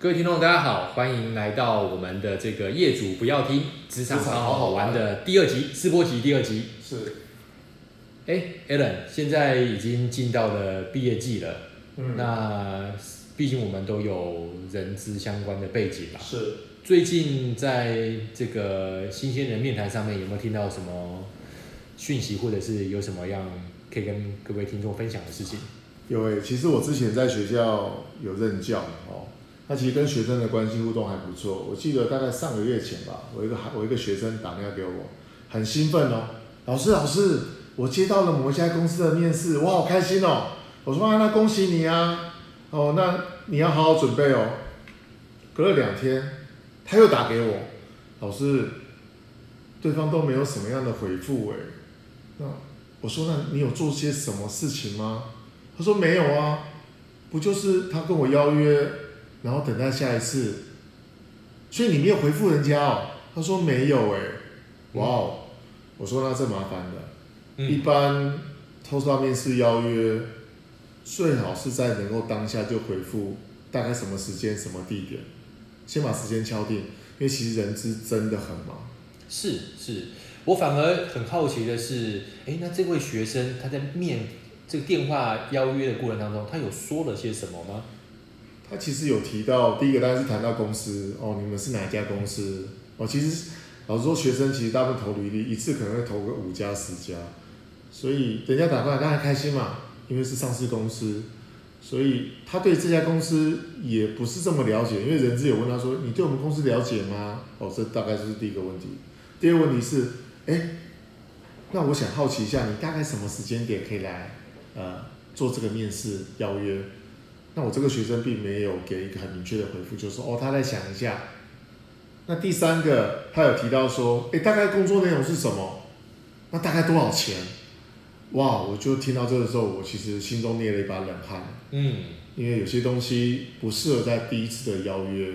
各位聽眾，大家好，歡迎來到我們的這個《業主不要聽職場好好玩》的第二集試播是集第二集。是。哎，Allen，現在已經進到了畢業季了。嗯。那畢竟我們都有人資相關的背景吧？是。最近在這個新鮮人面談上面有沒有聽到什麼訊息，或者是有什麼樣可以跟各位聽眾分享的事情？有哎、欸，其實我之前在學校有任教哦。他其實跟學生的關係互動還不錯。我記得大概上個月前吧，我一個我一個學生打電話給我，很興奮哦，老師老師，我接到了某一家公司的面試，我好開心哦。我說啊，那恭喜你啊，哦，那你要好好準備哦。隔了兩天，他又打給我，老師，對方都沒有什麼樣的回復誒，那我說，那你有做些什麼事情嗎？他說沒有啊，不就是他跟我邀約。然後等待下一次，所以你沒有回覆人家哦。他說沒有哎、欸，哇哦，嗯、我說那這麻煩了。嗯、一般投面試邀約，最好是在能夠當下就回覆，大概什麼時間、什麼地點，先把時間敲定。因為其實人資真的很忙。是是，我反而很好奇的是，哎，那這位學生他在面這個電話邀約的過程當中，他有說了些什麼嗎？他其實有提到，第一個大概是談到公司哦，你們是哪一家公司哦？其實老實說，學生其實大部分投履歷一次可能會投個五家十家，所以等下打過來大家開心嘛，因為是上市公司，所以他對這家公司也不是這麼了解，因為人資有問他說：“你對我們公司了解嗎？”哦，這大概就是第一個問題。第二個問題是，誒，那我想好奇一下，你大概什麼時間點可以來呃做這個面試邀約？那我這個學生並沒有給一個很明確的回復，就是說，哦，他來想一下。那第三個，他有提到說，誒，大概工作內容是什麼？那大概多少錢？哇！我就聽到這個的時候，我其實心中捏了一把冷汗。嗯，因為有些東西不適合在第一次的邀約，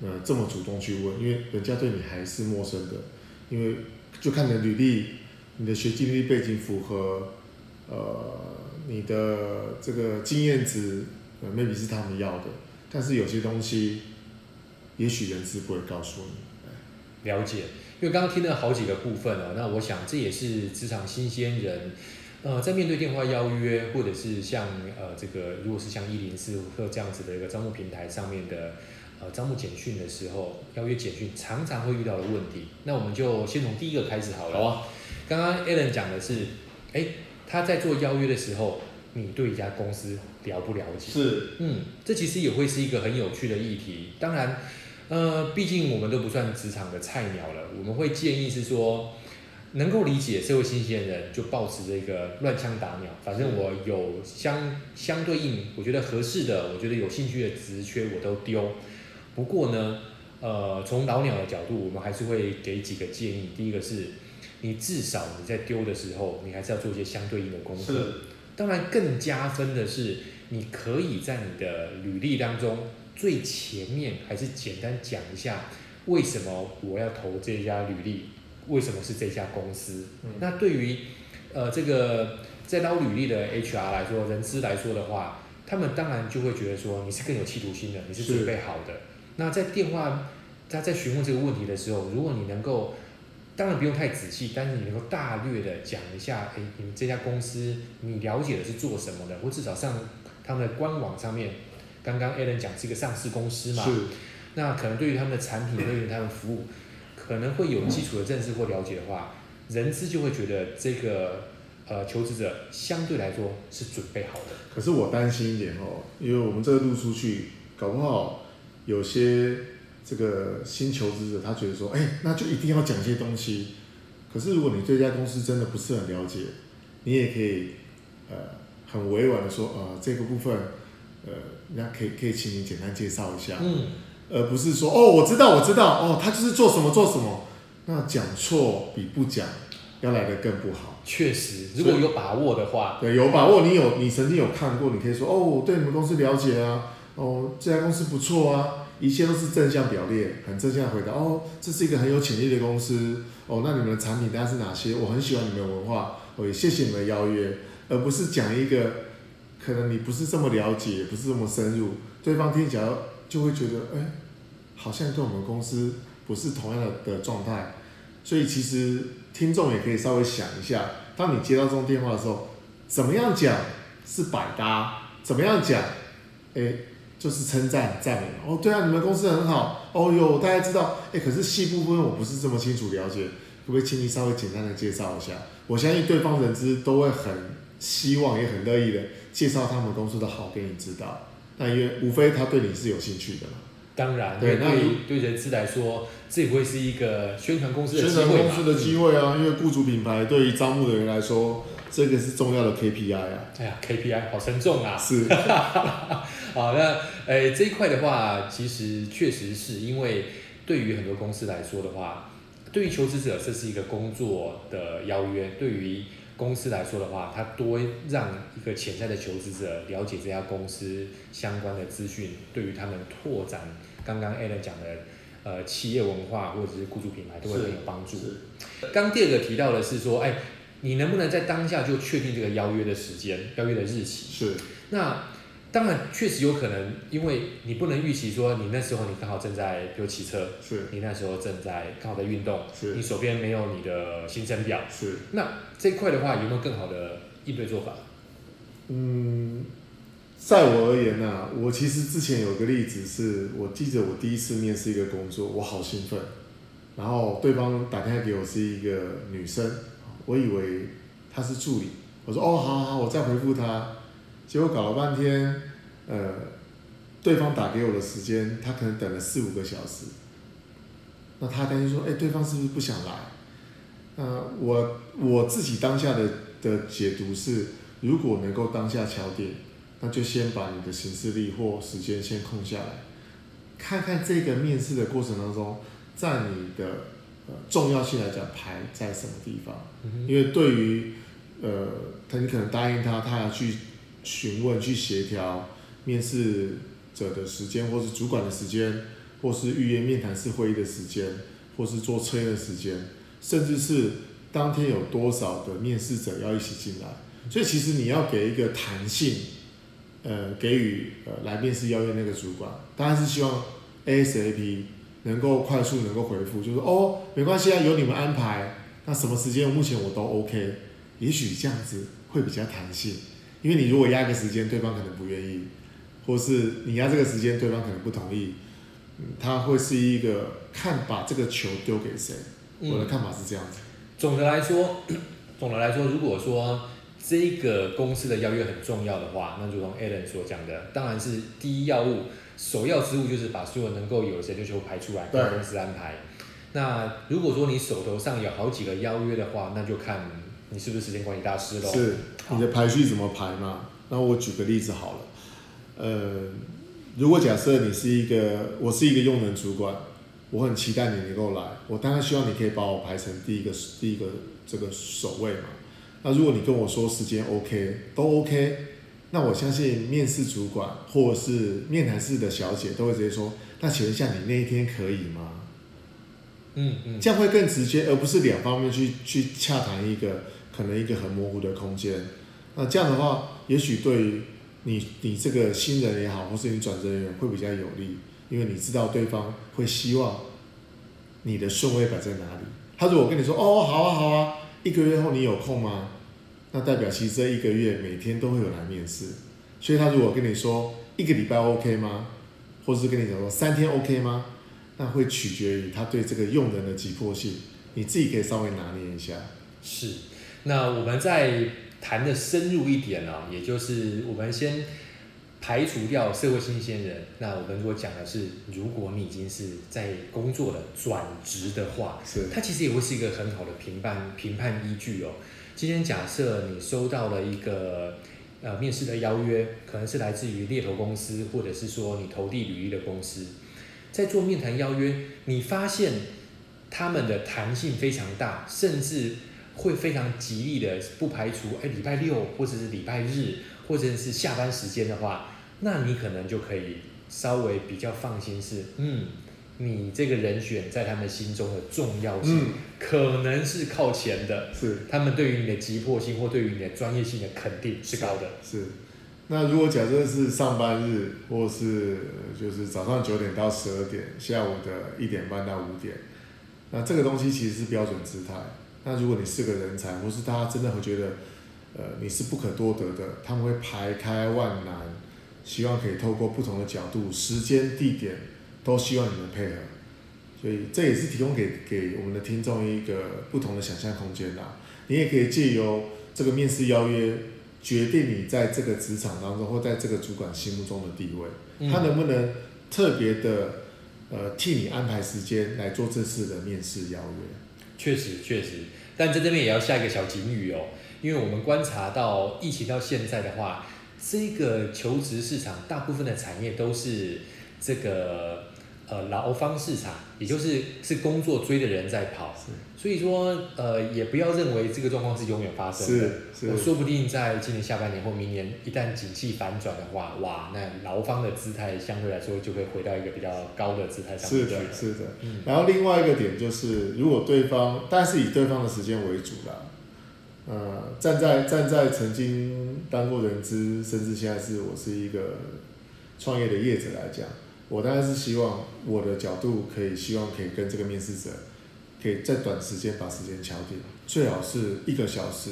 呃，這麼主動去問，因為人家對你還是陌生的。因為就看你的履歷，你的學經歷背景符合，呃，你的這個經驗值。maybe 是他們要的，但是有些東西，也許人資不會告訴你。了解，因為剛剛聽了好幾個部分了，那我想這也是職場新鮮人，呃，在面對電話邀約，或者是像呃這個，如果是像一零四五客這樣子的一個招募平台上面的呃招募簡訊的時候，邀約簡訊常常會遇到的問題。那我們就先從第一個開始好了。好啊。剛剛 Alan 講的是，哎、欸，他在做邀約的時候。你對一家公司了不了解？是，嗯，這其實也會是一個很有趣的議題。當然，呃，畢竟我們都不算職場的菜鳥了。我們會建議是說，能夠理解社會新鮮的人就抱持這個亂槍打鳥，反正我有相相對應，我覺得合適的，我覺得有興趣的職缺我都丟。不過呢，呃，從老鳥的角度，我們還是會給幾個建議。第一個是，你至少你在丟的時候，你還是要做一些相對應的功課。是。當然，更加分的是，你可以在你的履歷當中最前面，還是簡單講一下為什麼我要投這家履歷，為什麼是這家公司。嗯、那對於呃這個在撈履歷的 HR 來說，人資來說的話，他們當然就會覺得說你是更有企圖心的，你是準備好的。是那在電話，他在詢問這個問題的時候，如果你能夠。當然不用太仔細，但是你能夠大略的講一下，哎、欸，你們這家公司，你了解的是做什麼的？或至少上他們的官網上面，剛剛 Alan 講是一個上市公司嘛，是。那可能對於他們的產品對於、嗯、他們服務，可能會有基礎的認識或了解的話，嗯、人資就會覺得這個呃求職者相對來說是準備好的。可是我擔心一點哦，因為我們這個錄出去，搞不好有些。這個新求職者，他覺得說，哎，那就一定要講一些東西。可是，如果你對這家公司真的不是很了解，你也可以，呃，很委婉的說，呃，這個部分，呃，人家可以可以請你簡單介紹一下，嗯、而不是說，哦，我知道，我知道，哦，他就是做什麼做什麼。那講錯比不講要來得更不好。確實，如果有把握的話，對，有把握，你有你曾經有看過，你可以說，哦，我對你們公司了解啊，哦，這家公司不錯啊。嗯一切都是正向表列，很正向回答。哦，這是一個很有潛力的公司。哦，那你們的產品單是哪些？我很喜歡你們的文化。我也謝謝你們的邀約。而不是講一個，可能你不是這麼了解，也不是這麼深入，對方聽起來就會覺得，哎，好像跟我們公司不是同樣的的狀態。所以其實聽眾也可以稍微想一下，當你接到這種電話的時候，怎麼樣講是百搭，怎麼樣講，哎。就是稱讚讚美哦，對啊，你們公司很好哦喲，有大家知道誒，可是細部分我不是這麼清楚了解，可不可以請你稍微簡單的介紹一下？我相信對方人資都會很希望，也很樂意的介紹他們公司的好給你知道，但因為無非他對你是有興趣的嘛，當然對，對人資你來說，這也不會是一個宣傳公司的機會宣傳公司的機會啊，嗯、因為雇主品牌對於招募的人來說。這個是重要的 KPI 啊。哎呀，KPI 好沉重啊！是， 好那誒、欸，這一塊的話，其實確實是因為對於很多公司來說的話，對於求職者這是一個工作的邀約；對於公司來說的話，它多讓一個潛在的求職者了解這家公司相關的資訊，對於他們拓展剛剛 Alan 講的呃企業文化或者是僱主品牌都會很有幫助。剛第二個提到的是說，哎、欸。你能不能在當下就確定這個邀約的時間、邀約的日期？嗯、是。那當然，確實有可能，因為你不能預期說你那時候你剛好正在，比如騎車，是你那時候正在剛好在運動，是你手邊沒有你的行程表。是。是那這塊的話，有沒有更好的應對做法？嗯，在我而言呢、啊，我其實之前有個例子是，我記得我第一次面試一個工作，我好興奮，然後對方打電話給我是一個女生。我以為他是助理，我說哦，好好好，我再回復他。結果搞了半天，呃，對方打給我的時間，他可能等了四五個小時。那他擔心說，哎，對方是不是不想來？那我我自己當下的的解讀是，如果能夠當下敲定，那就先把你的行事曆或時間先空下來，看看這個面試的過程當中，在你的。重要性來講排在什麼地方？嗯、哼因為對於呃，他你可能答應他，他要去詢問、去協調面試者的時間，或是主管的時間，或是預約面談式會議的時間，或是做測驗的時間，甚至是當天有多少的面試者要一起進來。嗯、所以其實你要給一個彈性，呃，給予呃來面試邀約那個主管，當然是希望 ASAP。能夠快速能夠回覆就是哦，沒關係啊，由你們安排。那什麼時間？目前我都 OK。也許這樣子會比較彈性，因為你如果壓一個時間，對方可能不願意；或是你壓這個時間，對方可能不同意。嗯、他會是一個看把這個球丟給誰？嗯、我的看法是這樣子。總的來說，總的來說，如果說這個公司的邀約很重要的話，那如同 Allen 所講的，當然是第一要務。首要之務就是把所有能夠有誰全部排出來，公司安排對。那如果說你手頭上有好幾個邀約的話，那就看你是不是時間管理大師咯。是你的排序怎麼排嘛？那我舉個例子好了。呃，如果假設你是一個，我是一個用人主管，我很期待你能夠來，我當然希望你可以把我排成第一個，第一個這個首位嘛。那如果你跟我說時間 OK，都 OK。那我相信面試主管或是面談室的小姐都會直接說：“那請問一下，你那一天可以嗎？”嗯嗯，嗯，這樣會更直接，而不是兩方面去去洽談一個可能一個很模糊的空間。那這樣的話，也許對於你你這個新人也好，或是你轉職人員會比較有利，因為你知道對方會希望你的順位擺在哪裡。他如果跟你說：“哦，好啊，好啊，好啊，一個月後你有空嗎？”那代表其實這一個月每天都會有來面試，所以他如果跟你說一個禮拜 OK 嗎，或者是跟你講說三天 OK 嗎，那會取決於他對這個用人的急迫性，你自己可以稍微拿捏一下。是，那我們再談的深入一點啊、哦，也就是我們先。排除掉社會新鮮人，那我們如果講的是，如果你已經是在工作了轉職的話，是的它其實也會是一個很好的評判評判依據哦。今天假設你收到了一個呃面試的邀約，可能是來自於獵頭公司，或者是說你投遞履歷的公司，在做面談邀約，你發現他們的彈性非常大，甚至會非常極力的不排除，哎，禮拜六或者是禮拜日，或者是下班時間的話。那你可能就可以稍微比較放心是，是嗯，你這個人選在他們心中的重要性，嗯、可能是靠前的。是他們對於你的急迫性或對於你的專業性的肯定是高的。是，是，那如果假設是上班日，或是，呃、就是早上九點到十二點，下午的一點半到五點，那這個東西其實是標準姿態。那如果你是個人才，或是大家真的會覺得，呃，你是不可多得的，他們會排開萬難。希望可以透過不同的角度、時間、地點，都希望你們配合，所以這也是提供給給我們的聽眾一個不同的想象空間啦。你也可以借由這個面試邀約，決定你在這個職場當中，或在這個主管心目中的地位，他能不能特別的呃替你安排時間來做這次的面試邀約？確實、嗯，確實，但在這邊也要下一個小警語哦，因為我們觀察到疫情到現在的話，這個求職市場大部分的產業都是這個呃勞方市場，也就是是工作追的人在跑，是所以說呃也不要認為這個狀況是永遠發生的，是是我說不定在今年下半年或明年一旦景氣反轉的話，哇，那勞方的姿態相對來說就會回到一個比較高的姿態上去。是的，是的，嗯。然後另外一個點就是，如果對方，但是以對方的時間為主了，呃，站在站在曾經，當過人資，甚至現在是我是一個創業的業者來講，我當然是希望我的角度可以，希望可以跟這個面試者，可以在短時間把時間敲定，最好是一個小時，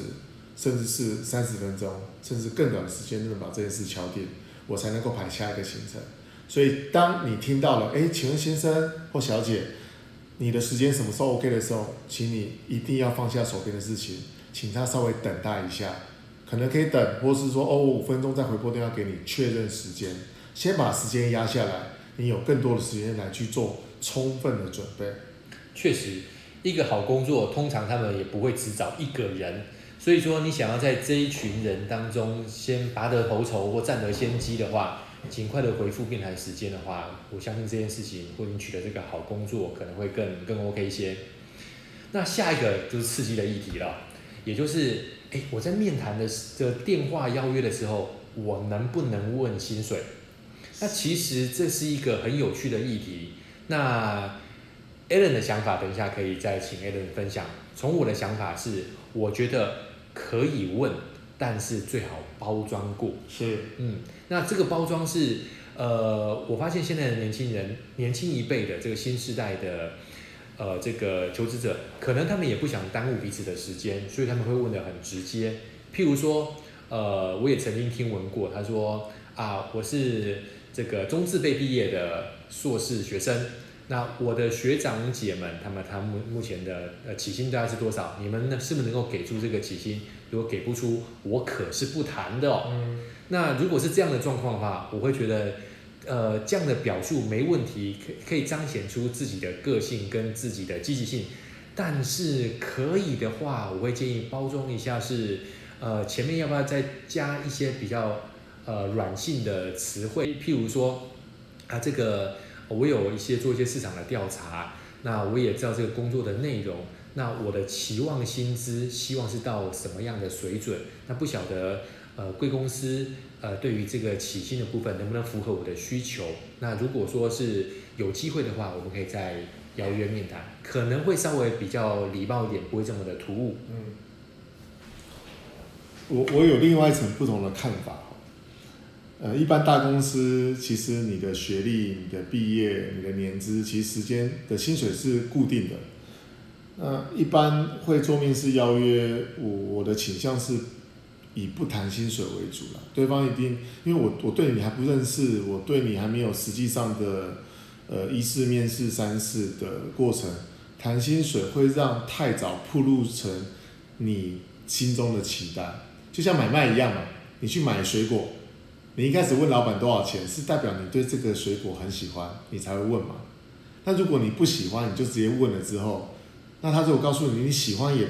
甚至是三十分鐘，甚至更短的時間，就能把這件事敲定，我才能夠排下一個行程。所以，當你聽到了，哎，請問先生或小姐，你的時間什麼時候 OK 的時候，請你一定要放下手邊的事情，請他稍微等待一下。可能可以等，或是說哦，五分鐘再回撥，電話給你確認時間，先把時間壓下來，你有更多的時間來去做充分的準備。確實，一個好工作，通常他們也不會只找一個人，所以說你想要在這一群人當中先拔得頭籌或占得先機的話，盡快的回覆面談時間的話，我相信這件事情，或你取得這個好工作，可能會更更 OK 一些。那下一個就是刺激的議題了，也就是。哎，我在面談的這個、電話邀約的時候，我能不能問薪水？那其實這是一個很有趣的議題。那 a 倫的想法，等一下可以再請 a 倫分享。從我的想法是，我覺得可以問，但是最好包裝過。是，嗯，那這個包裝是，呃，我發現現在的年輕人，年輕一輩的這個新時代的。呃，這個求職者可能他們也不想耽誤彼此的時間，所以他們會問得很直接。譬如說，呃，我也曾經聽聞過，他說啊，我是這個中字輩畢業的碩士學生，那我的學長姐們，他們他們目前的呃起薪大概是多少？你們呢，是不是能夠給出這個起薪？如果給不出，我可是不談的哦。嗯，那如果是這樣的狀況的話，我會覺得。呃，這樣的表述沒問題，可可以彰顯出自己的個性跟自己的積極性。但是可以的話，我會建議包裝一下是，是呃前面要不要再加一些比較呃軟性的詞彙，譬如說啊這個我有一些做一些市場的調查，那我也知道這個工作的內容，那我的期望薪資希望是到什麼樣的水準？那不曉得呃貴公司。呃，對於這個起薪的部分，能不能符合我的需求？那如果說是有機會的話，我們可以再邀約面談，可能會稍微比較禮貌一點，不會這麼的突兀。嗯，我我有另外一層不同的看法。呃，一般大公司其實你的學歷、你的畢業、你的年資，其實時間的薪水是固定的。那，呃，一般會做面試邀約，我我的傾向是。以不談薪水為主了，對方一定，因為我我對你還不認識，我對你還沒有實際上的，呃，一次面試三次的過程，談薪水會讓太早鋪路成你心中的期待，就像買賣一樣嘛，你去買水果，你一開始問老闆多少錢，是代表你對這個水果很喜歡，你才會問嘛。那如果你不喜歡，你就直接問了之後，那他如果告訴你你喜歡也。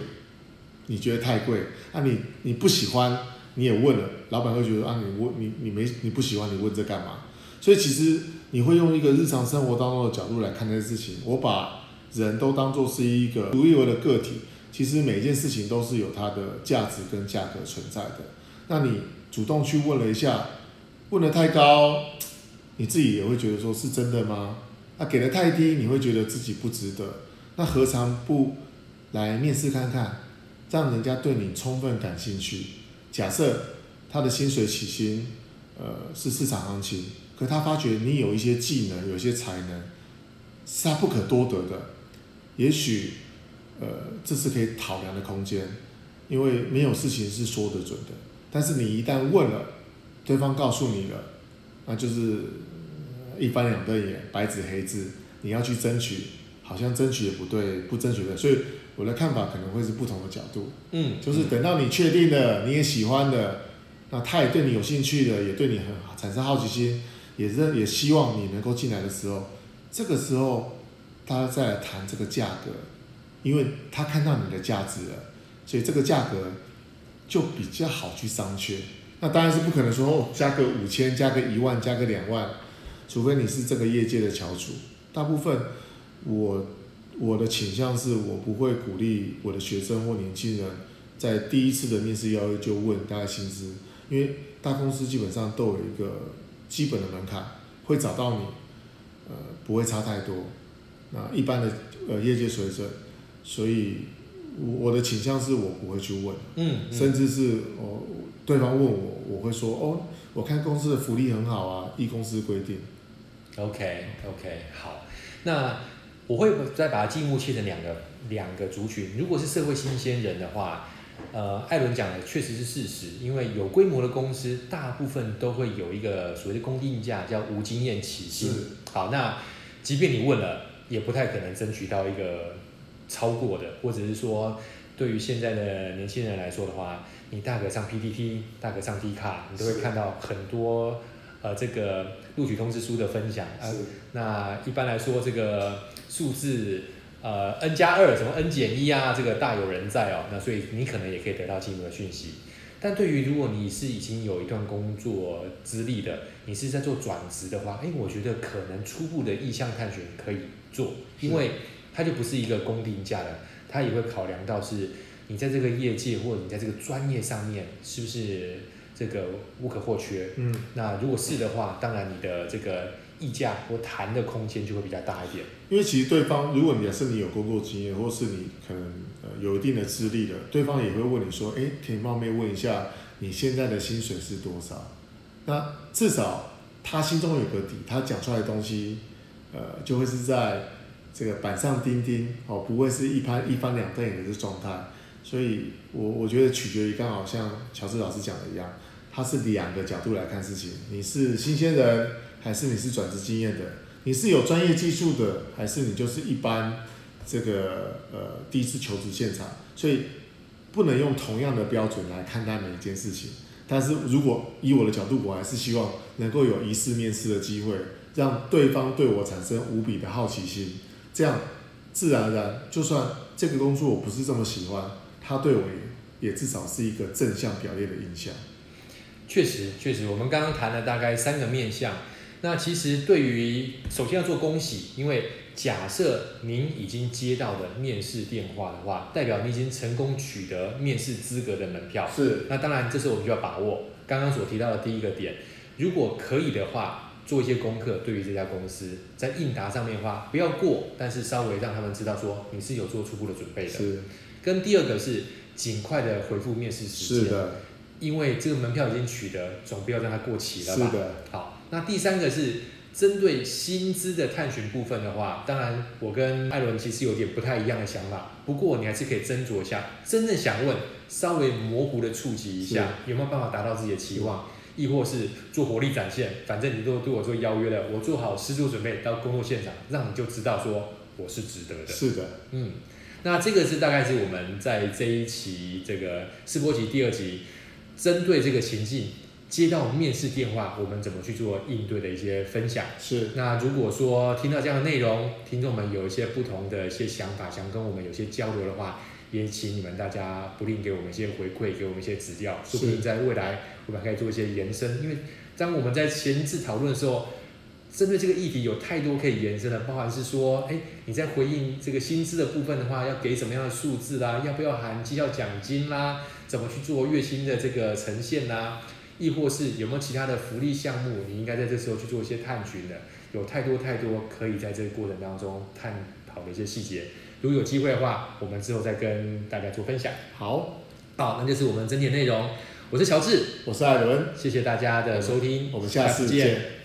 你覺得太貴，那、啊、你你不喜歡，你也問了，老板會覺得啊你，你問你你沒你不喜歡，你問這幹嘛？所以其實你會用一個日常生活當中的角度來看待事情。我把人都當做是一個獨一無二的個體，其實每件事情都是有它的價值跟價格存在的。那你主動去問了一下，問的太高，你自己也會覺得說是真的嗎？啊，給的太低，你會覺得自己不值得，那何嘗不來面試看看？讓人家對你充分感興趣。假設他的薪水起薪，呃，是市場行情，可他發覺你有一些技能，有一些才能，是他不可多得的。也許，呃，這是可以考量的空間，因為沒有事情是說得準的。但是你一旦問了，對方告訴你了，那就是一翻兩瞪眼，白紙黑字，你要去爭取，好像爭取也不對，不爭取的，所以。我的看法可能會是不同的角度，嗯，就是等到你確定了，嗯、你也喜歡的，那他也對你有興趣的，也對你很好，產生好奇心，也是也希望你能夠進來的時候，這個時候他再談這個價格，因為他看到你的價值了，所以這個價格就比較好去商榷。那當然是不可能說哦，加個五千，加個一萬，加個兩萬，除非你是這個業界的翹楚，大部分我。我的傾向是，我不會鼓勵我的學生或年輕人在第一次的面試邀約就問大概薪資，因為大公司基本上都有一個基本的門檻，會找到你，呃，不會差太多。那一般的呃業界水準，所以我的傾向是，我不會去問，嗯，嗯，甚至是、哦、對方問我，我會說哦，我看公司的福利很好啊，依公司規定。OK OK，好，那。我會再把它進一步切成兩個兩個族群。如果是社會新鮮人的話，呃，艾倫講的確實是事實，因為有規模的公司大部分都會有一個所謂的公定價，叫無經驗起薪。是好，那即便你問了，也不太可能爭取到一個超過的，或者是說，對於現在的年輕人來說的話，你大可上 PTT，大可上 D 卡，你都會看到很多是呃這個。錄取通知書的分享啊是、呃，那一般來說這個數字呃 n 加二，2, 什麼 n 減一啊，這個大有人在哦。那所以你可能也可以得到進一步的訊息。但對於如果你是已經有一段工作資歷的，你是在做轉職的話，誒、欸，我覺得可能初步的意向探尋可以做，因為它就不是一個公定價的，它也會考量到是你在這個業界或者你在這個專業上面是不是。這個不可或缺。嗯，那如果是的話，嗯、當然你的這個議價或談的空間就會比較大一點。因為其實對方，如果你是你有工作經驗，或是你可能、呃、有一定的資歷的，對方也會問你說：“誒，可以冒昧問一下，你現在的薪水是多少？”那至少他心中有個底，他講出來的東西，呃，就會是在這個板上釘釘哦，不會是一拍一翻兩瞪眼的這狀態。所以，我我覺得取決於，剛好像喬治老師講的一樣。他是兩個角度來看事情，你是新鮮人還是你是轉職經驗的？你是有專業技術的還是你就是一般這個呃第一次求職現場？所以不能用同樣的標準來看待每一件事情。但是如果以我的角度，我還是希望能夠有一次面試的機會，讓對方對我產生無比的好奇心，這樣自然而然，就算這個工作我不是這麼喜歡，他對我也，也至少是一個正向表列的印象。確實，確實，我們剛剛談了大概三個面向。那其實對於首先要做恭喜，因為假設您已經接到的面試電話的話，代表您已經成功取得面試資格的門票。是。那當然，這時候我們就要把握剛剛所提到的第一個點。如果可以的話，做一些功課，對於這家公司，在應答上面的話不要過，但是稍微讓他們知道說你是有做初步的準備的。是。跟第二個是儘快的回復面試時間。是的。因為這個門票已經取得，總不要讓它過期了吧？是的。好，那第三個是針對薪資的探尋部分的話，當然我跟艾倫其實有點不太一樣的想法，不過你還是可以斟酌一下。真正想問，稍微模糊的觸及一下，是有沒有辦法達到自己的期望，嗯、亦或是做活力展現？反正你都對我做邀約了，我做好十足準備到工作現場，讓你就知道說我是值得的。是的，嗯，那這個是大概是我們在這一期這個試播集第二集。針對這個情境，接到面試電話，我們怎麼去做應對的一些分享。是。那如果說聽到這樣的內容，聽眾們有一些不同的一些想法，想跟我們有些交流的話，也請你們大家不吝給我們一些回饋，給我們一些指教，是說不定在未來我們還可以做一些延伸。因為當我們在前置討論的時候，針對這個議題，有太多可以延伸的，包含是說，誒，你在回應這個薪資的部分的話，要給什麼樣的數字啦？要不要含績效獎金啦？怎麼去做月薪的這個呈現啦？亦或是有沒有其他的福利項目？你應該在這時候去做一些探尋的。有太多太多可以在這個過程當中探討的一些細節。如果有機會的話，我們之後再跟大家做分享。好，好，哦，那就是我們整體的內容。我是喬治，我是艾倫，嗯、謝謝大家的收聽，嗯、我們下次見。